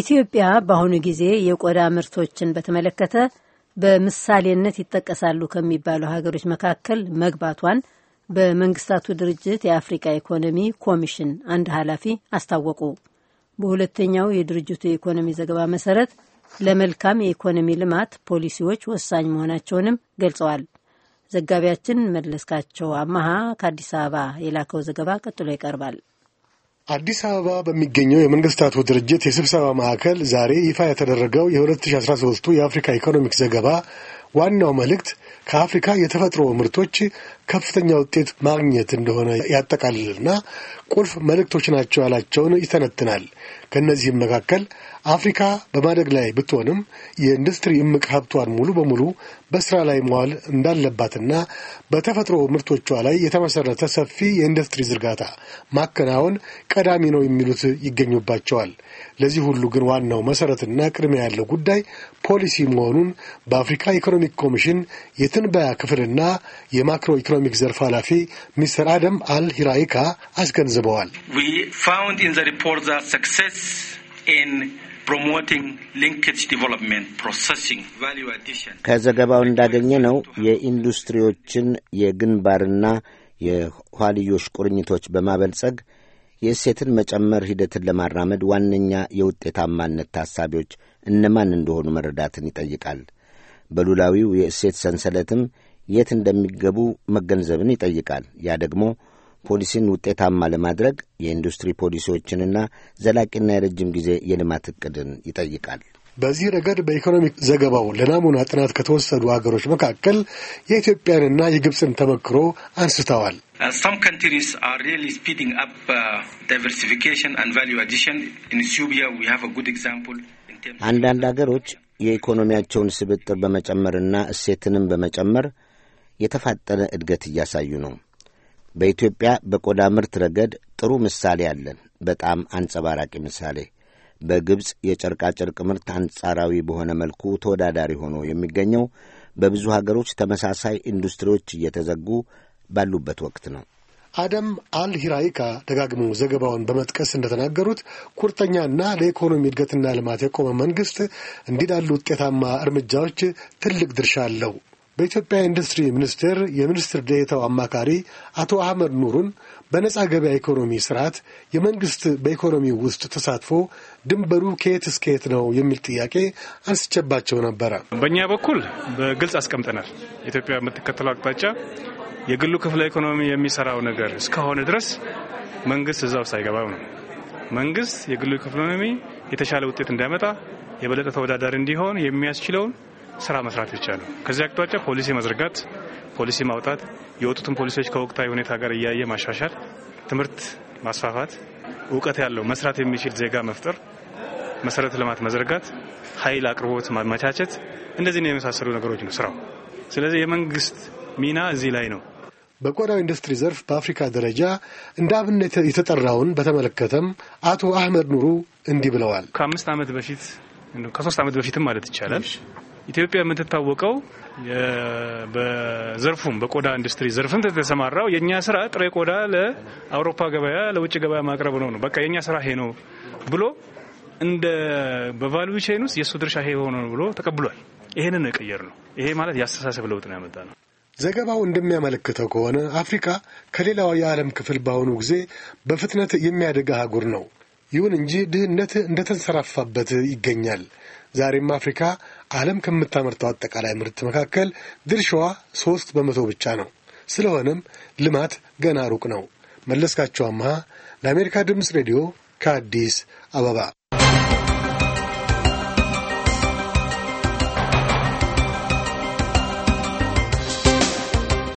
ኢትዮጵያ በአሁኑ ጊዜ የቆዳ ምርቶችን በተመለከተ በምሳሌነት ይጠቀሳሉ ከሚባሉ ሀገሮች መካከል መግባቷን በመንግስታቱ ድርጅት የአፍሪካ ኢኮኖሚ ኮሚሽን አንድ ኃላፊ አስታወቁ። በሁለተኛው የድርጅቱ የኢኮኖሚ ዘገባ መሰረት ለመልካም የኢኮኖሚ ልማት ፖሊሲዎች ወሳኝ መሆናቸውንም ገልጸዋል። ዘጋቢያችን መለስካቸው አማሃ ከአዲስ አበባ የላከው ዘገባ ቀጥሎ ይቀርባል። አዲስ አበባ በሚገኘው የመንግስታቱ ድርጅት የስብሰባ ማዕከል ዛሬ ይፋ የተደረገው የ 2013 የአፍሪካ ኢኮኖሚክ ዘገባ ዋናው መልእክት ከአፍሪካ የተፈጥሮ ምርቶች ከፍተኛ ውጤት ማግኘት እንደሆነ ያጠቃልልና ቁልፍ መልእክቶች ናቸው ያላቸውን ይተነትናል። ከእነዚህም መካከል አፍሪካ በማደግ ላይ ብትሆንም የኢንዱስትሪ እምቅ ሀብቷን ሙሉ በሙሉ በስራ ላይ መዋል እንዳለባትና በተፈጥሮ ምርቶቿ ላይ የተመሰረተ ሰፊ የኢንዱስትሪ ዝርጋታ ማከናወን ቀዳሚ ነው የሚሉት ይገኙባቸዋል። ለዚህ ሁሉ ግን ዋናው መሰረትና ቅድሚያ ያለው ጉዳይ ፖሊሲ መሆኑን በአፍሪካ ኢኮኖሚክ ኮሚሽን የትንበያ ክፍልና የማክሮ ኢኮኖሚክ ዘርፍ ኃላፊ ሚስተር አደም አል ሂራይካ አስገንዝበዋል። ከዘገባው እንዳገኘ ነው የኢንዱስትሪዎችን የግንባርና የኋልዮሽ ቁርኝቶች በማበልጸግ የእሴትን መጨመር ሂደትን ለማራመድ ዋነኛ የውጤታማነት ታሳቢዎች እነማን እንደሆኑ መረዳትን ይጠይቃል። በሉላዊው የእሴት ሰንሰለትም የት እንደሚገቡ መገንዘብን ይጠይቃል። ያ ደግሞ ፖሊሲን ውጤታማ ለማድረግ የኢንዱስትሪ ፖሊሲዎችንና ዘላቂና የረጅም ጊዜ የልማት እቅድን ይጠይቃል። በዚህ ረገድ በኢኮኖሚክ ዘገባው ለናሙና ጥናት ከተወሰዱ ሀገሮች መካከል የኢትዮጵያንና የግብፅን ተመክሮ አንስተዋል። uh, uh, አንዳንድ አገሮች የኢኮኖሚያቸውን ስብጥር በመጨመርና እሴትንም በመጨመር የተፋጠነ እድገት እያሳዩ ነው። በኢትዮጵያ በቆዳ ምርት ረገድ ጥሩ ምሳሌ አለን። በጣም አንጸባራቂ ምሳሌ። በግብፅ የጨርቃጨርቅ ምርት አንጻራዊ በሆነ መልኩ ተወዳዳሪ ሆኖ የሚገኘው በብዙ ሀገሮች ተመሳሳይ ኢንዱስትሪዎች እየተዘጉ ባሉበት ወቅት ነው። አደም አልሂራይካ ደጋግሞ ዘገባውን በመጥቀስ እንደተናገሩት ቁርጠኛና ለኢኮኖሚ እድገትና ልማት የቆመ መንግስት እንዲህ ላሉ ውጤታማ እርምጃዎች ትልቅ ድርሻ አለው። በኢትዮጵያ ኢንዱስትሪ ሚኒስቴር የሚኒስትር ዴኤታው አማካሪ አቶ አህመድ ኑሩን በነጻ ገበያ ኢኮኖሚ ስርዓት የመንግሥት በኢኮኖሚ ውስጥ ተሳትፎ ድንበሩ ከየት እስከ የት ነው የሚል ጥያቄ አንስቼባቸው ነበረ። በእኛ በኩል በግልጽ አስቀምጠናል። ኢትዮጵያ የምትከተለው አቅጣጫ የግሉ ክፍለ ኢኮኖሚ የሚሰራው ነገር እስከሆነ ድረስ መንግስት እዛ ውስጥ አይገባም ነው። መንግስት የግሉ ኢኮኖሚ የተሻለ ውጤት እንዲያመጣ የበለጠ ተወዳዳሪ እንዲሆን የሚያስችለውን ስራ መስራት ይቻላል። ከዚህ አቅጣጫ ፖሊሲ መዝርጋት፣ ፖሊሲ ማውጣት፣ የወጡትን ፖሊሲዎች ከወቅታዊ ሁኔታ ጋር እያየ ማሻሻል፣ ትምህርት ማስፋፋት፣ እውቀት ያለው መስራት የሚችል ዜጋ መፍጠር፣ መሰረተ ልማት መዘርጋት፣ ኃይል አቅርቦት ማመቻቸት፣ እነዚህን የመሳሰሉ ነገሮች ነው ስራው። ስለዚህ የመንግስት ሚና እዚህ ላይ ነው። በቆዳው ኢንዱስትሪ ዘርፍ በአፍሪካ ደረጃ እንደ አብነት የተጠራውን በተመለከተም አቶ አህመድ ኑሩ እንዲህ ብለዋል። ከአምስት ዓመት በፊት ከሶስት ዓመት በፊትም ማለት ይቻላል ኢትዮጵያ የምትታወቀው በዘርፉም በቆዳ ኢንዱስትሪ ዘርፍም የተሰማራው የእኛ ስራ ጥሬ ቆዳ ለአውሮፓ ገበያ ለውጭ ገበያ ማቅረብ ነው ነው በቃ የእኛ ስራ ይሄ ነው ብሎ እንደ በቫሉ ቼን ውስጥ የእሱ ድርሻ ሄ ሆነ ብሎ ተቀብሏል። ይሄንን ነው የቀየር ነው። ይሄ ማለት የአስተሳሰብ ለውጥ ነው ያመጣ ነው። ዘገባው እንደሚያመለክተው ከሆነ አፍሪካ ከሌላው የዓለም ክፍል በአሁኑ ጊዜ በፍጥነት የሚያደግ አህጉር ነው። ይሁን እንጂ ድህነት እንደተንሰራፋበት ይገኛል። ዛሬም አፍሪካ ዓለም ከምታመርተው አጠቃላይ ምርት መካከል ድርሻዋ ሶስት በመቶ ብቻ ነው። ስለሆነም ልማት ገና ሩቅ ነው። መለስካቸው አምሃ ለአሜሪካ ድምፅ ሬዲዮ ከአዲስ አበባ